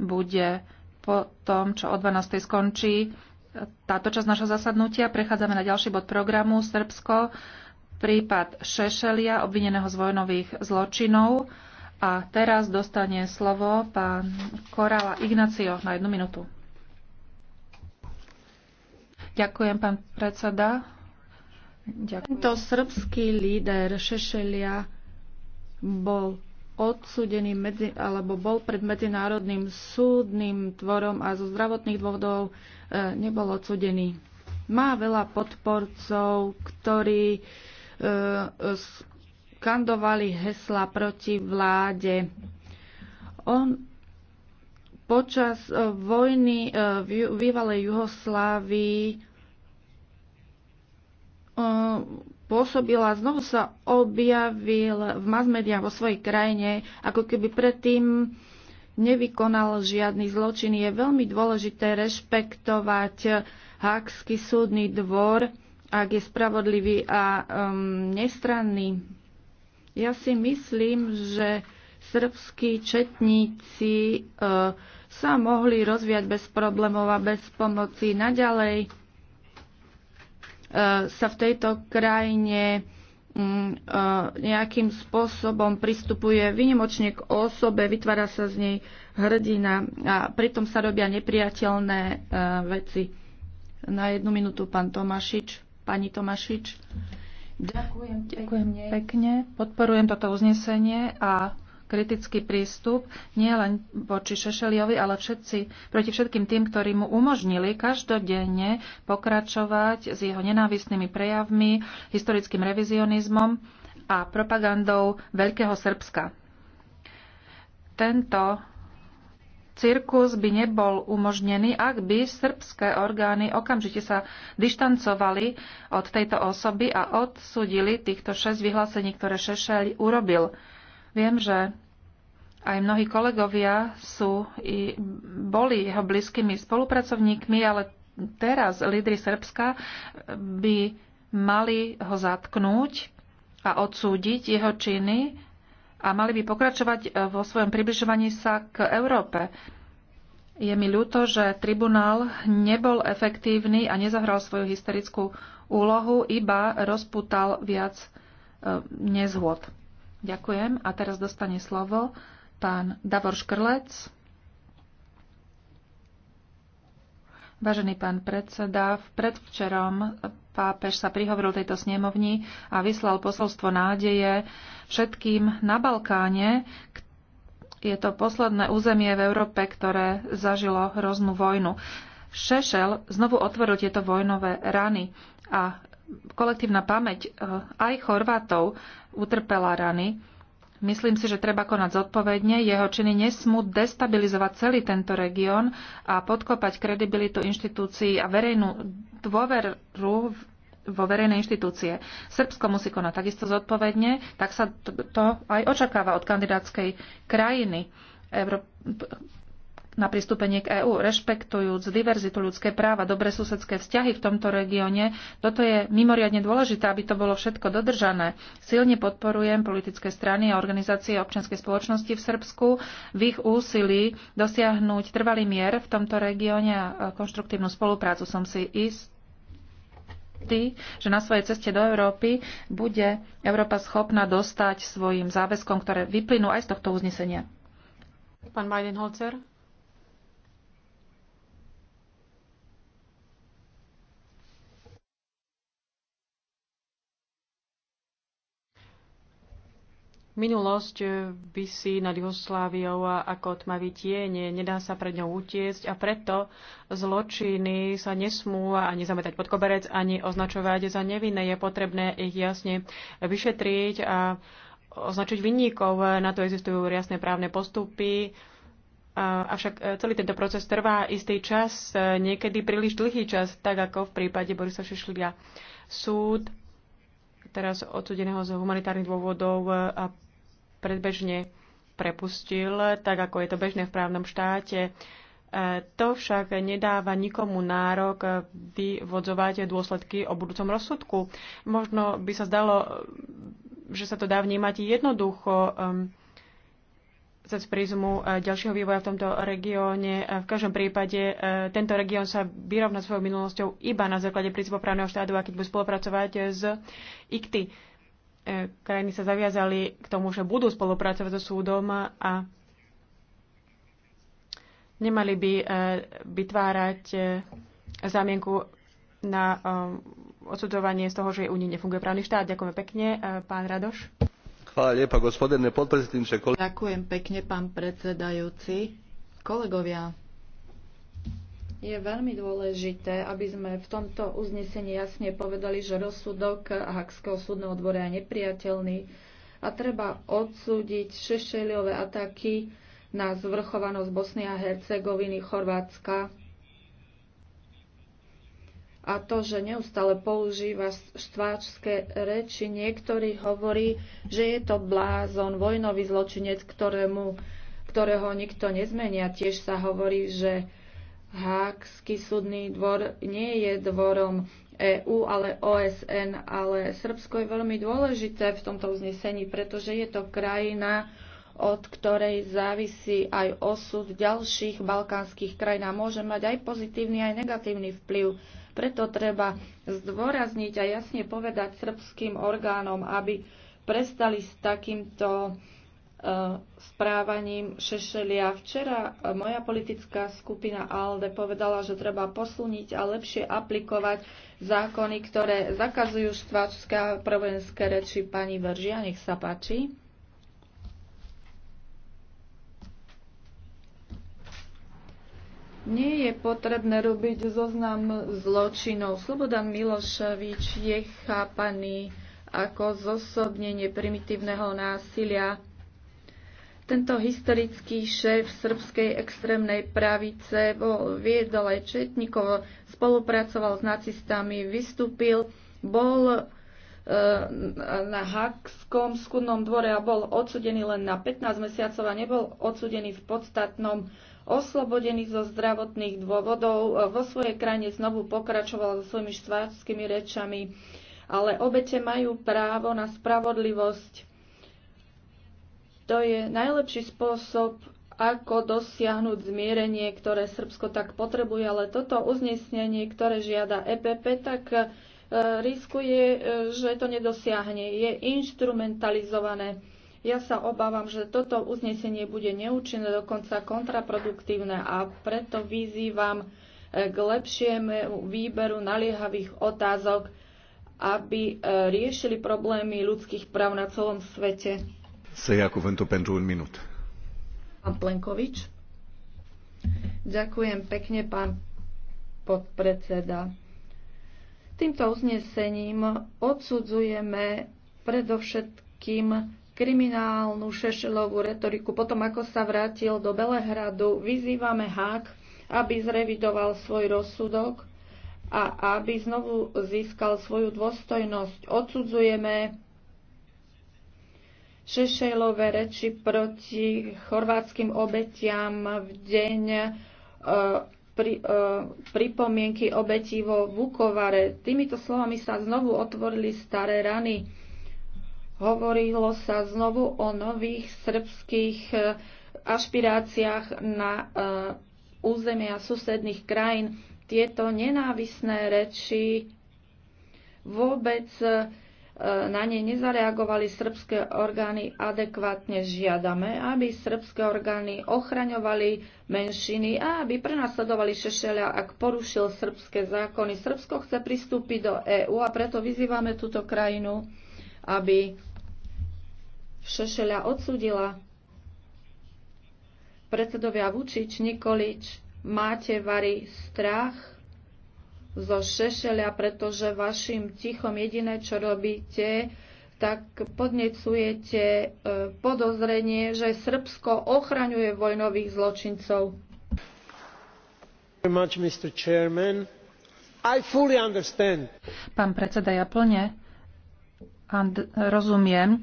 bude po tom, čo o 12. skončí táto časť našho zasadnutia. Prechádzame na ďalší bod programu Srbsko, prípad Šešelia, obvineného z vojnových zločinov. A teraz dostane slovo pán Korala Ignacio na jednu minútu. Ďakujem, pán predseda. Ďakujem. Tento srbský líder Šešelia bol odsudený medzi, alebo bol pred medzinárodným súdnym tvorom a zo zdravotných dôvodov e, nebol odsudený. Má veľa podporcov, ktorí e, skandovali hesla proti vláde. On počas e, vojny e, v bývalej Jugoslávii e, pôsobila, znovu sa objavil v masmediách vo svojej krajine, ako keby predtým nevykonal žiadny zločin. Je veľmi dôležité rešpektovať Hákský súdny dvor, ak je spravodlivý a um, nestranný. Ja si myslím, že srbskí četníci uh, sa mohli rozviať bez problémov a bez pomoci naďalej E, sa v tejto krajine mm, e, nejakým spôsobom pristupuje vynimočne k osobe, vytvára sa z nej hrdina a pritom sa robia nepriateľné e, veci. Na jednu minútu pán Tomašič, pani Tomašič. Ďakujem, Ďakujem pekne. pekne. Podporujem toto uznesenie a kritický prístup nielen voči Šešeliovi, ale všetci, proti všetkým tým, ktorí mu umožnili každodenne pokračovať s jeho nenávistnými prejavmi, historickým revizionizmom a propagandou Veľkého Srbska. Tento cirkus by nebol umožnený, ak by srbské orgány okamžite sa dištancovali od tejto osoby a odsudili týchto šesť vyhlásení, ktoré Šešel urobil. Viem, že aj mnohí kolegovia sú i boli jeho blízkymi spolupracovníkmi, ale teraz lídry Srbska by mali ho zatknúť a odsúdiť jeho činy a mali by pokračovať e, vo svojom približovaní sa k Európe. Je mi ľúto, že tribunál nebol efektívny a nezahral svoju historickú úlohu, iba rozputal viac e, nezhôd. Ďakujem. A teraz dostane slovo pán Davor Škrlec. Vážený pán predseda, v predvčerom pápež sa prihovoril tejto snemovni a vyslal posolstvo nádeje všetkým na Balkáne. Je to posledné územie v Európe, ktoré zažilo hroznú vojnu. Šešel znovu otvoril tieto vojnové rany a kolektívna pamäť e, aj Chorvátov utrpela rany. Myslím si, že treba konať zodpovedne. Jeho činy nesmú destabilizovať celý tento región a podkopať kredibilitu inštitúcií a verejnú dôveru vo verejné inštitúcie. Srbsko musí konať takisto zodpovedne, tak sa to, aj očakáva od kandidátskej krajiny na pristúpenie k EÚ, rešpektujúc diverzitu ľudské práva, dobre susedské vzťahy v tomto regióne. Toto je mimoriadne dôležité, aby to bolo všetko dodržané. Silne podporujem politické strany a organizácie občianskej spoločnosti v Srbsku v ich úsilí dosiahnuť trvalý mier v tomto regióne a konštruktívnu spoluprácu. Som si ist, že na svojej ceste do Európy bude Európa schopná dostať svojim záväzkom, ktoré vyplynú aj z tohto uznesenia. Pán Majdenholzer, Minulosť eh, vysí nad Jugosláviou ako tmavý tieň, eh, nedá sa pred ňou utiecť a preto zločiny sa nesmú ani zametať pod koberec, ani označovať za nevinné. Je potrebné ich jasne vyšetriť a označiť vinníkov. Na to existujú jasné právne postupy. Avšak eh, celý tento proces trvá istý čas, niekedy príliš dlhý čas, tak ako v prípade Borisa Šešlia. Súd teraz odsudeného z humanitárnych dôvodov a predbežne prepustil, tak ako je to bežné v právnom štáte. E, to však nedáva nikomu nárok vyvodzovať dôsledky o budúcom rozsudku. Možno by sa zdalo, že sa to dá vnímať jednoducho cez ehm, prízmu e, ďalšieho vývoja v tomto regióne. E, v každom prípade tento región sa vyrovná svojou minulosťou iba na základe princípov právneho štátu a keď bude spolupracovať s IKTY E, krajiny sa zaviazali k tomu, že budú spolupracovať so súdom a nemali by e, vytvárať e, zámienku na odsudzovanie z toho, že u nich nefunguje právny štát. Ďakujem pekne, pán Radoš. Ďakujem pekne, pán predsedajúci. Kolegovia, je veľmi dôležité, aby sme v tomto uznesení jasne povedali, že rozsudok Hakského súdneho dvora je nepriateľný a treba odsúdiť šešeliové ataky na zvrchovanosť Bosny a Hercegoviny, Chorvátska a to, že neustále používa štváčské reči. Niektorí hovorí, že je to blázon, vojnový zločinec, ktorému, ktorého nikto nezmenia. Tiež sa hovorí, že Hákský súdny dvor nie je dvorom EU ale OSN, ale Srbsko je veľmi dôležité v tomto uznesení, pretože je to krajina, od ktorej závisí aj osud ďalších balkánskych krajín a môže mať aj pozitívny, aj negatívny vplyv. Preto treba zdôrazniť a jasne povedať srbským orgánom, aby prestali s takýmto E, správaním Šešelia. Včera moja politická skupina ALDE povedala, že treba posuniť a lepšie aplikovať zákony, ktoré zakazujú štváčské a provenské reči. Pani Veržia, nech sa páči. Nie je potrebné robiť zoznam zločinov. Slobodan Miloševič je chápaný ako zosobnenie primitívneho násilia tento historický šéf srbskej extrémnej pravice bol viedol aj Četnikov, spolupracoval s nacistami, vystúpil, bol e, na Hakskom skudnom dvore a bol odsudený len na 15 mesiacov a nebol odsudený v podstatnom oslobodený zo zdravotných dôvodov. Vo svojej krajine znovu pokračoval so svojimi štváčskými rečami, ale obete majú právo na spravodlivosť. To je najlepší spôsob, ako dosiahnuť zmierenie, ktoré Srbsko tak potrebuje, ale toto uznesnenie, ktoré žiada EPP, tak e, riskuje, e, že to nedosiahne. Je instrumentalizované. Ja sa obávam, že toto uznesenie bude neúčinné, dokonca kontraproduktívne a preto vyzývam e, k lepšiemu výberu naliehavých otázok, aby riešili problémy ľudských práv na celom svete să ia cuvântul pentru un minut. Pán Plenkovič. Ďakujem pekne, pán podpredseda. Týmto uznesením odsudzujeme predovšetkým kriminálnu šešelovú retoriku. Potom, ako sa vrátil do Belehradu, vyzývame Hák, aby zrevidoval svoj rozsudok a aby znovu získal svoju dôstojnosť. Odsudzujeme Šešejlové reči proti chorvátskym obetiam v deň e, pri, e, pripomienky obetí vo Vukovare. Týmito slovami sa znovu otvorili staré rany. Hovorilo sa znovu o nových srbských e, ašpiráciách na územia susedných krajín. Tieto nenávisné reči vôbec na nej nezareagovali srbské orgány adekvátne, žiadame, aby srbské orgány ochraňovali menšiny a aby prenasledovali Šešelia, ak porušil srbské zákony. Srbsko chce pristúpiť do EÚ a preto vyzývame túto krajinu, aby Šešelia odsudila. Predsedovia Vučič, Nikolič, máte vary strach zo Šešelia, pretože vašim tichom jediné, čo robíte, tak podnecujete e, podozrenie, že Srbsko ochraňuje vojnových zločincov. Pán predseda, ja plne rozumiem,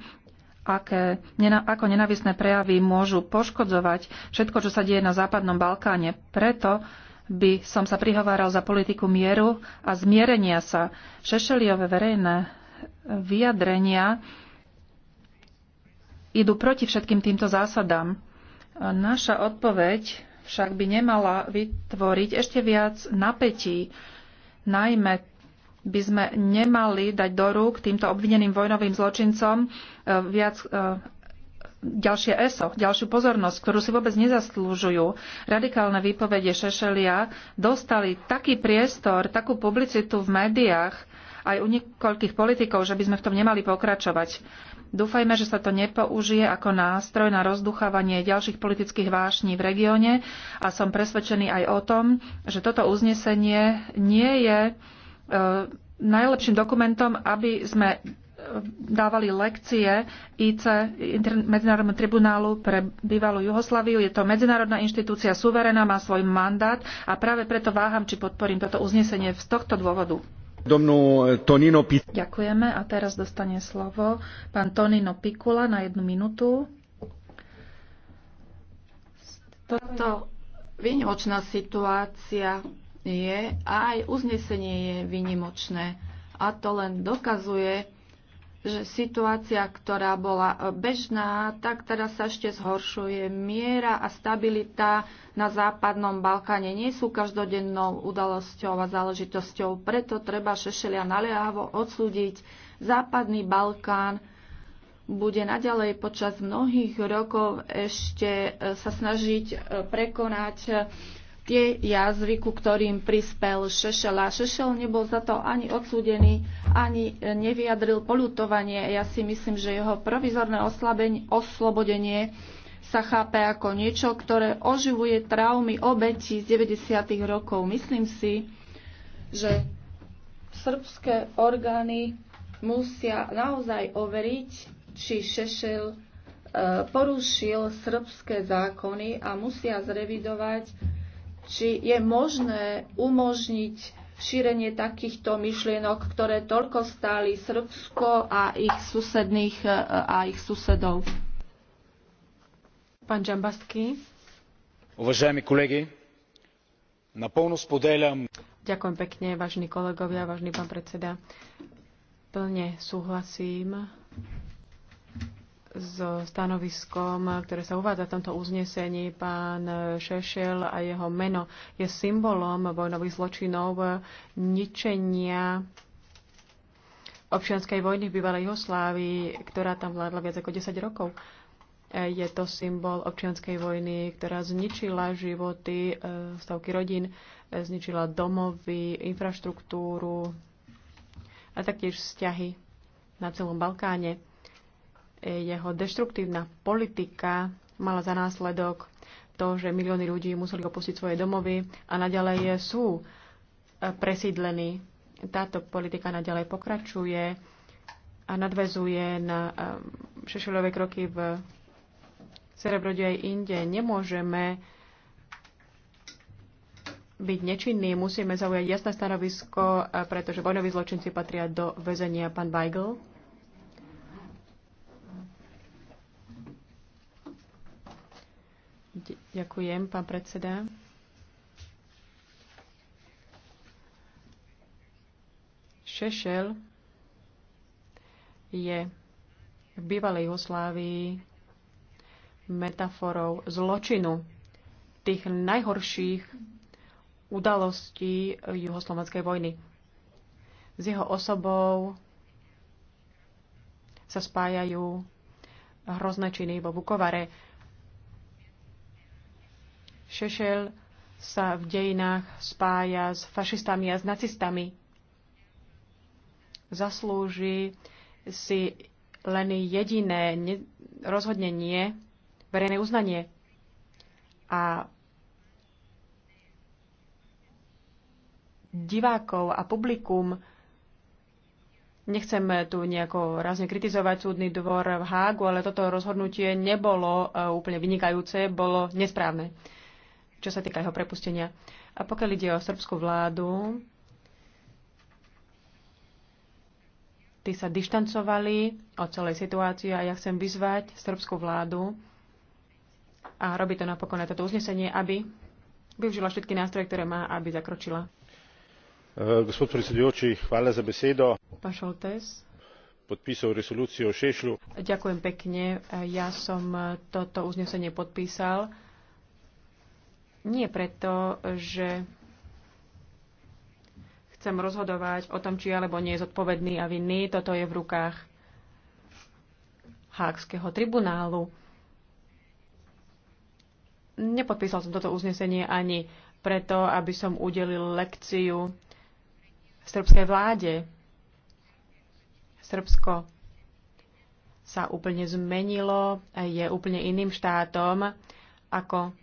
aké, ako nenavisné prejavy môžu poškodzovať všetko, čo sa deje na Západnom Balkáne. Preto by som sa prihováral za politiku mieru a zmierenia sa. Šešeliové verejné vyjadrenia idú proti všetkým týmto zásadám. Naša odpoveď však by nemala vytvoriť ešte viac napätí, najmä by sme nemali dať do rúk týmto obvineným vojnovým zločincom eh, viac eh, ďalšie ESO, ďalšiu pozornosť, ktorú si vôbec nezaslúžujú. Radikálne výpovede Šešelia dostali taký priestor, takú publicitu v médiách, aj u niekoľkých politikov, že by sme v tom nemali pokračovať. Dúfajme, že sa to nepoužije ako nástroj na rozduchávanie ďalších politických vášní v regióne a som presvedčený aj o tom, že toto uznesenie nie je e, najlepším dokumentom, aby sme dávali lekcie IC, Medzinárodnému tribunálu pre bývalú Juhoslaviu. Je to medzinárodná inštitúcia, suverená, má svoj mandát a práve preto váham, či podporím toto uznesenie z tohto dôvodu. Eh, Ďakujeme a teraz dostane slovo pán Tonino Pikula na jednu minútu. Toto výnimočná situácia je a aj uznesenie je výnimočné. A to len dokazuje, že situácia, ktorá bola e, bežná, tak teraz sa ešte zhoršuje. Miera a stabilita na západnom Balkáne nie sú každodennou udalosťou a záležitosťou. Preto treba Šešelia naliehavo odsúdiť. Západný Balkán bude naďalej počas mnohých rokov ešte e, sa snažiť e, prekonať tie jazvy, ku ktorým prispel Šešel. A Šešel nebol za to ani odsúdený, ani nevyjadril polutovanie. Ja si myslím, že jeho provizorné oslobodenie sa chápe ako niečo, ktoré oživuje traumy obetí z 90. rokov. Myslím si, že srbské orgány musia naozaj overiť, či Šešel e, porušil srbské zákony a musia zrevidovať či je možné umožniť šírenie takýchto myšlienok, ktoré toľko stáli Srbsko a ich susedných e, a ich susedov. Pán Džambastky. Uvažajmi kolegy, naplno spodeľam... Ďakujem pekne, vážni kolegovia, vážny pán predseda. Plne súhlasím so stanoviskom, ktoré sa uvádza v tomto uznesení. Pán Šešel a jeho meno je symbolom vojnových zločinov, ničenia občianskej vojny v bývalej Jugoslávii, ktorá tam vládla viac ako 10 rokov. Je to symbol občianskej vojny, ktorá zničila životy e, stavky rodín, e, zničila domovy, infraštruktúru a taktiež vzťahy na celom Balkáne jeho deštruktívna politika mala za následok to, že milióny ľudí museli opustiť svoje domovy a naďalej sú e, presídlení. Táto politika naďalej pokračuje a nadvezuje na e, šešelové kroky v Cerebrode aj inde. Nemôžeme byť nečinní, musíme zaujať jasné stanovisko, e, pretože vojnoví zločinci patria do väzenia. Pán Weigl. Ďakujem, pán predseda. Šešel je v bývalej Jugoslávii metaforou zločinu tých najhorších udalostí juhoslovanskej vojny. S jeho osobou sa spájajú hrozné činy vo Vukovare Šešel sa v dejinách spája s fašistami a s nacistami. Zaslúži si len jediné rozhodnenie, verejné uznanie. A divákov a publikum Nechcem tu nejako razne kritizovať súdny dvor v Hágu, ale toto rozhodnutie nebolo e, úplne vynikajúce, bolo nesprávne čo sa týka jeho prepustenia. A pokiaľ ide o srbskú vládu, tí sa dištancovali od celej situácie a ja chcem vyzvať srbskú vládu a robí to napokon na toto uznesenie, aby využila všetky nástroje, ktoré má, aby zakročila. Eh, gospod predsedujúci, za besedo. Pán Šoltes podpísal resolúciu o Šešľu. Ďakujem pekne. Ja som toto uznesenie podpísal. Nie preto, že chcem rozhodovať o tom, či alebo nie je zodpovedný a vinný. Toto je v rukách Hákského tribunálu. Nepodpísal som toto uznesenie ani preto, aby som udelil lekciu srbskej vláde. Srbsko sa úplne zmenilo, je úplne iným štátom, ako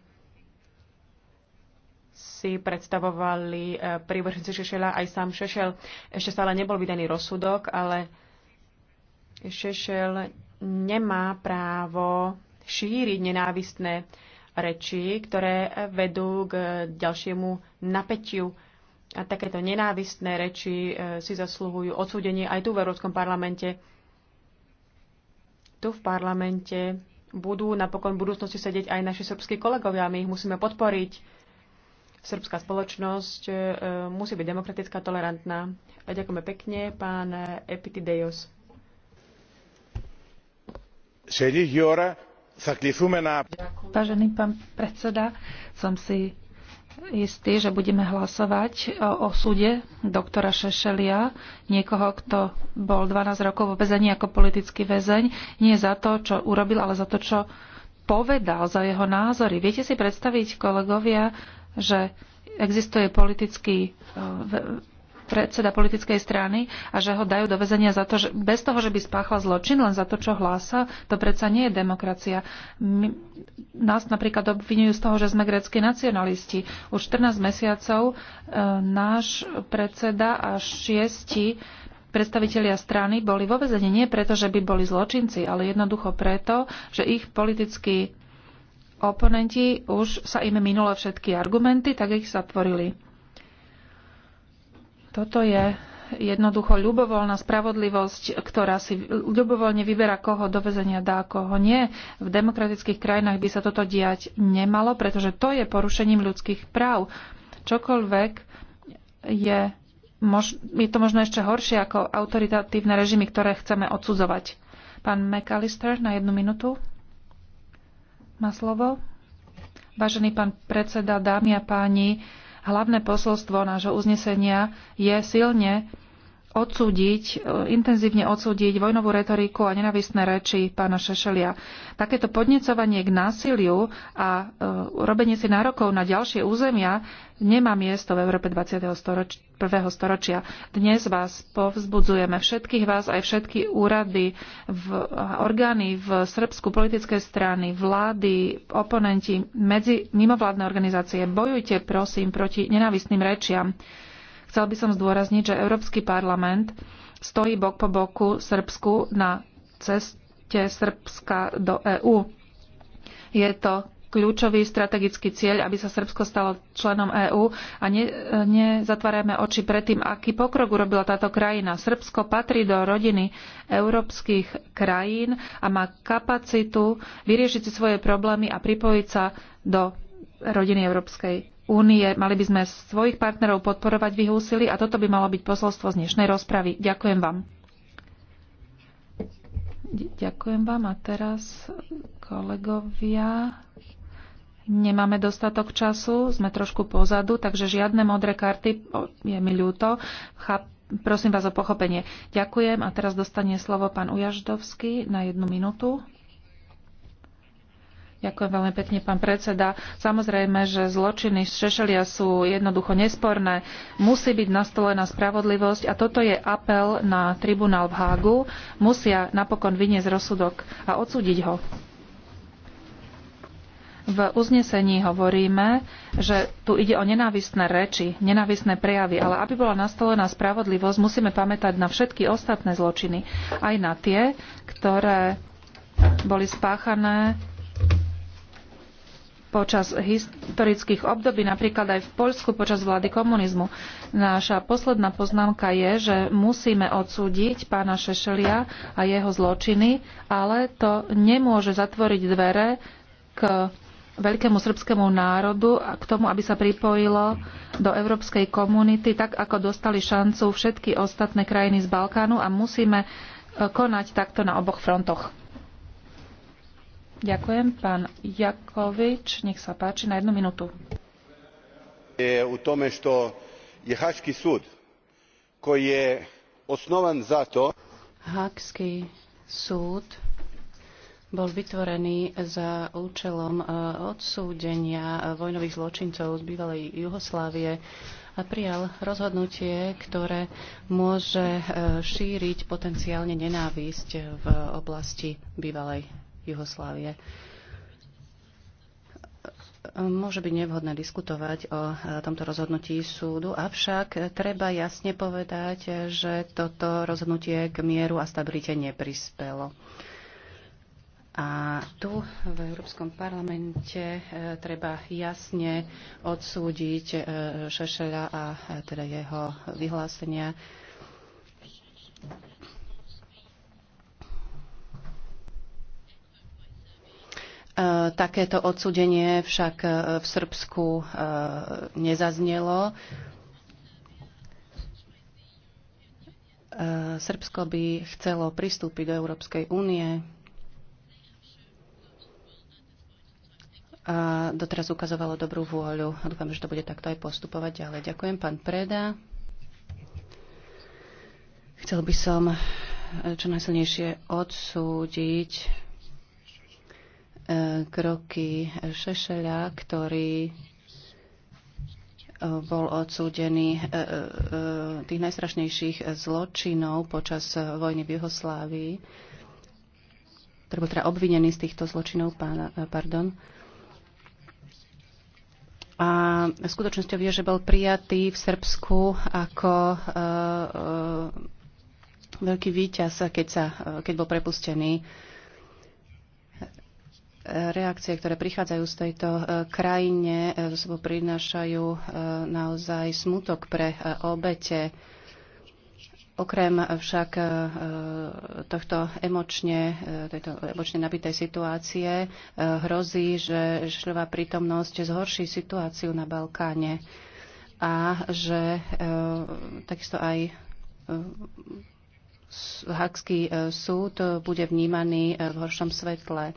si predstavovali e, prívrženci Šešela aj sám Šešel. Ešte stále nebol vydaný rozsudok, ale Šešel nemá právo šíriť nenávistné reči, ktoré vedú k ďalšiemu napätiu. A takéto nenávistné reči e, si zasluhujú odsúdenie aj tu v Európskom parlamente. Tu v parlamente budú napokon v budúcnosti sedieť aj naši srbskí kolegovia. My ich musíme podporiť Srbská spoločnosť e, e, musí byť demokratická, tolerantná. A ďakujeme pekne, pán Epitideios. Vážený pán predseda, som si istý, že budeme hlasovať o osude doktora Šešelia, niekoho, kto bol 12 rokov vo väzení ako politický väzeň, nie za to, čo urobil, ale za to, čo povedal, za jeho názory. Viete si predstaviť, kolegovia, že existuje politický e, predseda politickej strany a že ho dajú do väzenia za to, že bez toho, že by spáchal zločin, len za to, čo hlása, to predsa nie je demokracia. My, nás napríklad obvinujú z toho, že sme greckí nacionalisti. Už 14 mesiacov e, náš predseda a šiesti predstavitelia strany boli vo väzení nie preto, že by boli zločinci, ale jednoducho preto, že ich politický oponenti už sa im minulo všetky argumenty, tak ich zatvorili. Toto je jednoducho ľubovoľná spravodlivosť, ktorá si ľubovoľne vyberá, koho do vezenia dá, koho nie. V demokratických krajinách by sa toto diať nemalo, pretože to je porušením ľudských práv. Čokoľvek je, mož, je to možno ešte horšie ako autoritatívne režimy, ktoré chceme odsudzovať. Pán McAllister na jednu minútu má slovo. Vážený pán predseda, dámy a páni, hlavné posolstvo nášho uznesenia je silne odsúdiť, e, intenzívne odsúdiť vojnovú retoriku a nenavistné reči pána Šešelia. Takéto podnecovanie k násiliu a e, robenie si nárokov na ďalšie územia nemá miesto v Európe 21. storočia. Dnes vás povzbudzujeme, všetkých vás, aj všetky úrady, v, orgány v Srbsku, politické strany, vlády, oponenti, medzi mimovládne organizácie. Bojujte, prosím, proti nenavistným rečiam Chcel by som zdôrazniť, že Európsky parlament stojí bok po boku Srbsku na ceste Srbska do EÚ. Je to kľúčový strategický cieľ, aby sa Srbsko stalo členom EÚ a ne, nezatvárajme oči pred tým, aký pokrok urobila táto krajina. Srbsko patrí do rodiny európskych krajín a má kapacitu vyriešiť si svoje problémy a pripojiť sa do rodiny Európskej únie. Mali by sme svojich partnerov podporovať v ich úsilí a toto by malo byť posolstvo z dnešnej rozpravy. Ďakujem vám. Ďakujem vám. A teraz, kolegovia, nemáme dostatok času, sme trošku pozadu, takže žiadne modré karty, je mi ľúto. Cháp, prosím vás o pochopenie. Ďakujem a teraz dostane slovo pán Ujaždovský na jednu minútu. Ďakujem veľmi pekne, pán predseda. Samozrejme, že zločiny z Šešelia sú jednoducho nesporné. Musí byť nastolená spravodlivosť a toto je apel na tribunál v Hágu. Musia napokon vyniesť rozsudok a odsúdiť ho. V uznesení hovoríme, že tu ide o nenávistné reči, nenávistné prejavy, ale aby bola nastolená spravodlivosť, musíme pamätať na všetky ostatné zločiny. Aj na tie, ktoré boli spáchané počas historických období, napríklad aj v Poľsku počas vlády komunizmu. Naša posledná poznámka je, že musíme odsúdiť pána Šešelia a jeho zločiny, ale to nemôže zatvoriť dvere k veľkému srbskému národu a k tomu, aby sa pripojilo do európskej komunity, tak ako dostali šancu všetky ostatné krajiny z Balkánu a musíme konať takto na oboch frontoch. Ďakujem. Pán Jakovič, nech sa páči na jednu minútu. Je u tome što je Haški sud koji je osnovan zato Hakský súd bol vytvorený za účelom e, odsúdenia vojnových zločincov z bývalej Juhoslávie a prijal rozhodnutie, ktoré môže e, šíriť potenciálne nenávisť v oblasti bývalej Juhoslávie. Môže byť nevhodné diskutovať o e, tomto rozhodnutí súdu, avšak treba jasne povedať, že toto rozhodnutie k mieru a stabilite neprispelo. A tu v Európskom parlamente e, treba jasne odsúdiť e, Šešela a teda jeho vyhlásenia Takéto odsudenie však e, v Srbsku e, nezaznelo. E, Srbsko by chcelo pristúpiť do Európskej únie. A doteraz ukazovalo dobrú vôľu. A dúfam, že to bude takto aj postupovať ďalej. Ďakujem, pán Preda. Chcel by som čo najsilnejšie odsúdiť kroky Šešeľa, ktorý e, bol odsúdený e, e, tých najstrašnejších zločinov počas vojny v Juhoslávii, ktorý bol teda obvinený z týchto zločinov, pardon. A skutočnosťou je, že bol prijatý v Srbsku ako veľký víťaz, keď, sa, keď bol prepustený reakcie, ktoré prichádzajú z tejto e, krajine, e, zo sebou prinášajú e, naozaj smutok pre obete. Okrem však tohto emočne, tejto emočne nabitej situácie hrozí, že šľová prítomnosť zhorší situáciu na Balkáne a že takisto aj Hakský súd bude vnímaný v horšom svetle.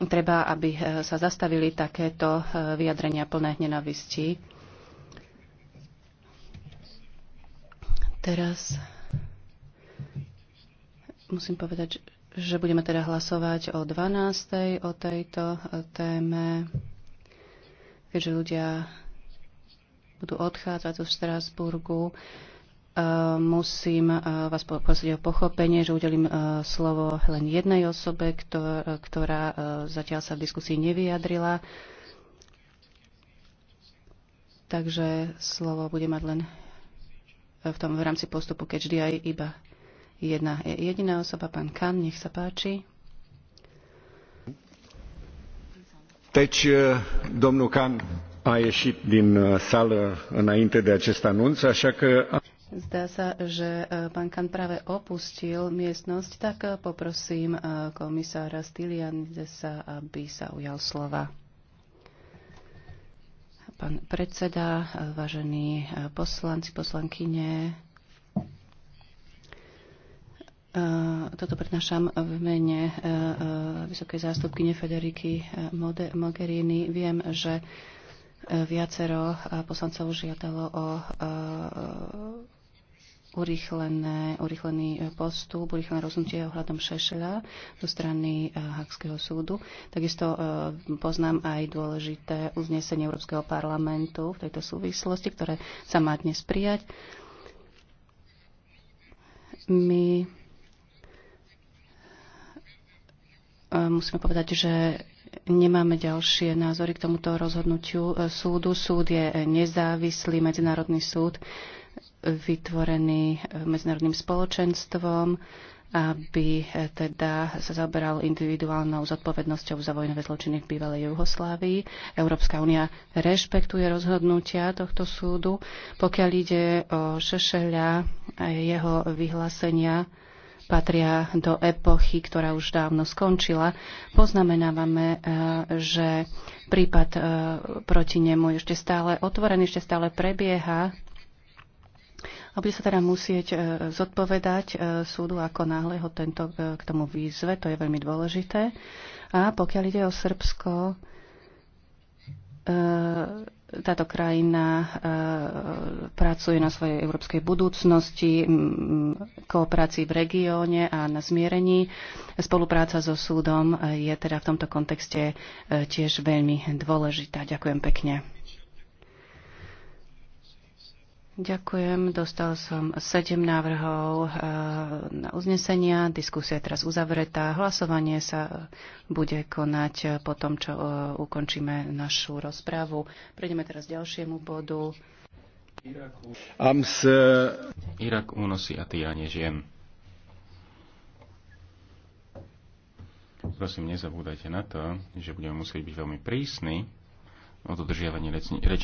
Treba, aby e, sa zastavili takéto e, vyjadrenia plné nenavisti. Teraz musím povedať, že budeme teda hlasovať o 12. o tejto e, téme, keďže ľudia budú odchádzať zo Strasburgu musím eh, vás poprosiť o pochopenie, že udelím eh, slovo len jednej osobe, ktorá eh, zatiaľ sa v diskusii nevyjadrila. Takže slovo bude mať len v tom v rámci postupu, keď vždy aj iba jedna jediná osoba, pán Kan, nech sa páči. Teď domnul Kan a ieșit din sală înainte de acest anunț, așa că Zdá sa, že e, pán Kan práve opustil miestnosť, tak e, poprosím e, komisára Stylianidesa, aby sa ujal slova. Pán predseda, vážení poslanci, poslankyne, toto prednášam v mene vysokej zástupkyne Federiky Mogherini. Viem, že viacero poslancov žiadalo o urýchlené, urýchlený e, postup, urýchlené rozhodnutie ohľadom Šešela zo strany e, Hakského súdu. Takisto e, poznám aj dôležité uznesenie Európskeho parlamentu v tejto súvislosti, ktoré sa má dnes prijať. My musíme povedať, že nemáme ďalšie názory k tomuto rozhodnutiu súdu. Súd je nezávislý medzinárodný súd vytvorený eh, medzinárodným spoločenstvom, aby eh, teda sa zaoberal individuálnou zodpovednosťou za vojnové zločiny v bývalej Juhoslávii. Európska únia rešpektuje rozhodnutia tohto súdu. Pokiaľ ide o Šešeľa eh, jeho vyhlásenia, patria do epochy, ktorá už dávno skončila. Poznamenávame, že prípad proti nemu ešte stále otvorený, ešte stále prebieha a bude sa teda musieť e, zodpovedať e, súdu, ako náhle ho tento e, k tomu výzve, to je veľmi dôležité. A pokiaľ ide o Srbsko, táto krajina pracuje na svojej európskej budúcnosti, kooperácii v regióne a na zmierení. Spolupráca so súdom je teda v tomto kontexte tiež veľmi dôležitá. Ďakujem pekne. Ďakujem. Dostal som sedem návrhov eh, na uznesenia. Diskusia je teraz uzavretá. Hlasovanie sa bude konať po tom, čo eh, ukončíme našu rozprávu. Prejdeme teraz k ďalšiemu bodu. Ams... Irak únosy a týranie žien. Prosím, nezabúdajte na to, že budeme musieť byť veľmi prísni o dodržiavaní rečníckých